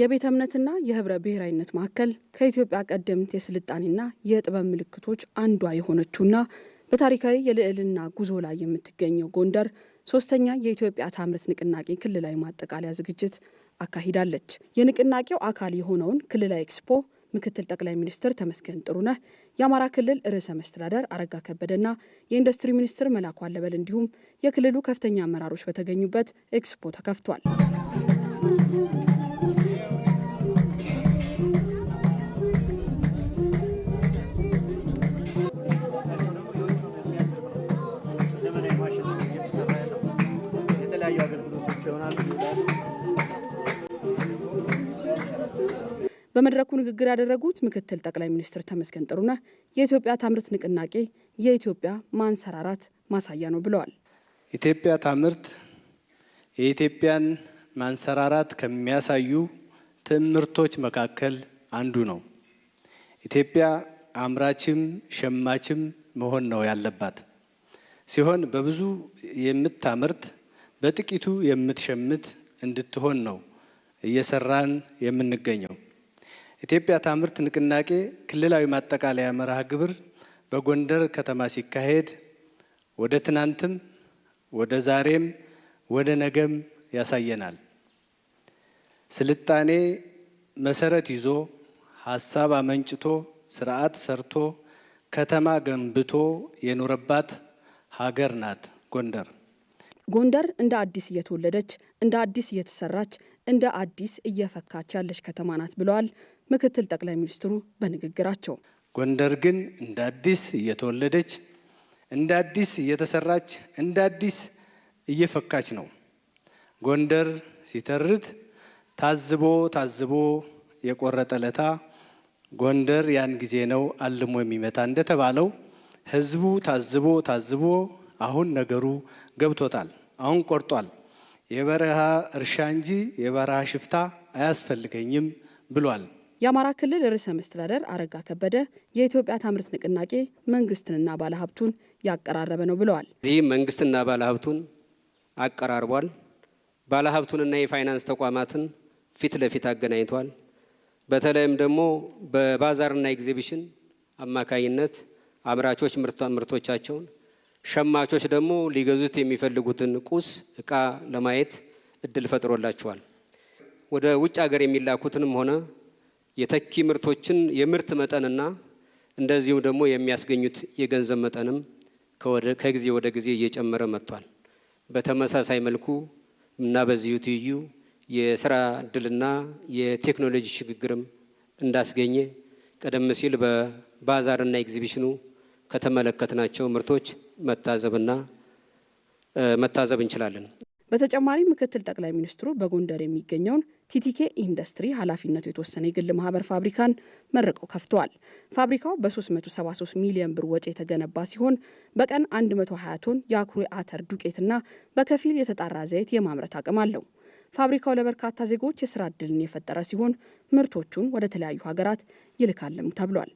የቤተ እምነትና የህብረ ብሔራዊነት ማዕከል ከኢትዮጵያ ቀደምት የስልጣኔና የጥበብ ምልክቶች አንዷ የሆነችውና በታሪካዊ የልዕልና ጉዞ ላይ የምትገኘው ጎንደር ሶስተኛ የኢትዮጵያ ታምርት ንቅናቄ ክልላዊ ማጠቃለያ ዝግጅት አካሂዳለች። የንቅናቄው አካል የሆነውን ክልላዊ ኤክስፖ ምክትል ጠቅላይ ሚኒስትር ተመስገን ጥሩነህ፣ የአማራ ክልል ርዕሰ መስተዳደር አረጋ ከበደና የኢንዱስትሪ ሚኒስትር መላኩ አለበል እንዲሁም የክልሉ ከፍተኛ አመራሮች በተገኙበት ኤክስፖ ተከፍቷል። በመድረኩ ንግግር ያደረጉት ምክትል ጠቅላይ ሚኒስትር ተመስገን ጥሩነህ የኢትዮጵያ ታምርት ንቅናቄ የኢትዮጵያ ማንሰራራት ማሳያ ነው ብለዋል። ኢትዮጵያ ታምርት የኢትዮጵያን ማንሰራራት ከሚያሳዩ ትምህርቶች መካከል አንዱ ነው። ኢትዮጵያ አምራችም ሸማችም መሆን ነው ያለባት ሲሆን በብዙ የምታምርት በጥቂቱ የምትሸምት እንድትሆን ነው እየሰራን የምንገኘው። ኢትዮጵያ ታምርት ንቅናቄ ክልላዊ ማጠቃለያ መርሃ ግብር በጎንደር ከተማ ሲካሄድ ወደ ትናንትም ወደ ዛሬም ወደ ነገም ያሳየናል። ስልጣኔ መሰረት ይዞ ሀሳብ አመንጭቶ ስርዓት ሰርቶ ከተማ ገንብቶ የኖረባት ሀገር ናት ጎንደር። ጎንደር እንደ አዲስ እየተወለደች እንደ አዲስ እየተሰራች እንደ አዲስ እየፈካች ያለች ከተማ ናት ብለዋል ምክትል ጠቅላይ ሚኒስትሩ በንግግራቸው። ጎንደር ግን እንደ አዲስ እየተወለደች እንደ አዲስ እየተሰራች እንደ አዲስ እየፈካች ነው። ጎንደር ሲተርት ታዝቦ ታዝቦ የቆረጠ ለታ ጎንደር ያን ጊዜ ነው አልሞ የሚመታ እንደተባለው ህዝቡ ታዝቦ ታዝቦ አሁን ነገሩ ገብቶታል። አሁን ቆርጧል። የበረሃ እርሻ እንጂ የበረሃ ሽፍታ አያስፈልገኝም ብሏል። የአማራ ክልል ርዕሰ መስተዳደር አረጋ ከበደ የኢትዮጵያ ታምርት ንቅናቄ መንግስትንና ባለሀብቱን ያቀራረበ ነው ብለዋል። እዚህ መንግስትና ባለሀብቱን አቀራርቧል። ባለሀብቱንና የፋይናንስ ተቋማትን ፊት ለፊት አገናኝቷል። በተለይም ደግሞ በባዛርና ኤግዚቢሽን አማካኝነት አምራቾች ምርቶቻቸውን ሸማቾች ደግሞ ሊገዙት የሚፈልጉትን ቁስ እቃ ለማየት እድል ፈጥሮላቸዋል። ወደ ውጭ ሀገር የሚላኩትንም ሆነ የተኪ ምርቶችን የምርት መጠንና እንደዚሁም ደግሞ የሚያስገኙት የገንዘብ መጠንም ከጊዜ ወደ ጊዜ እየጨመረ መጥቷል። በተመሳሳይ መልኩ እና በዚሁ ትይዩ የስራ እድልና የቴክኖሎጂ ሽግግርም እንዳስገኘ ቀደም ሲል በባዛርና ኤግዚቢሽኑ ከተመለከትናቸው ምርቶች መታዘብና መታዘብ እንችላለን። በተጨማሪ ምክትል ጠቅላይ ሚኒስትሩ በጎንደር የሚገኘውን ቲቲኬ ኢንዱስትሪ ኃላፊነቱ የተወሰነ የግል ማህበር ፋብሪካን መርቀው ከፍተዋል። ፋብሪካው በ373 ሚሊዮን ብር ወጪ የተገነባ ሲሆን በቀን 120 ቶን የአኩሪ አተር ዱቄትና በከፊል የተጣራ ዘይት የማምረት አቅም አለው። ፋብሪካው ለበርካታ ዜጎች የስራ እድልን የፈጠረ ሲሆን ምርቶቹን ወደ ተለያዩ ሀገራት ይልካልም ተብሏል።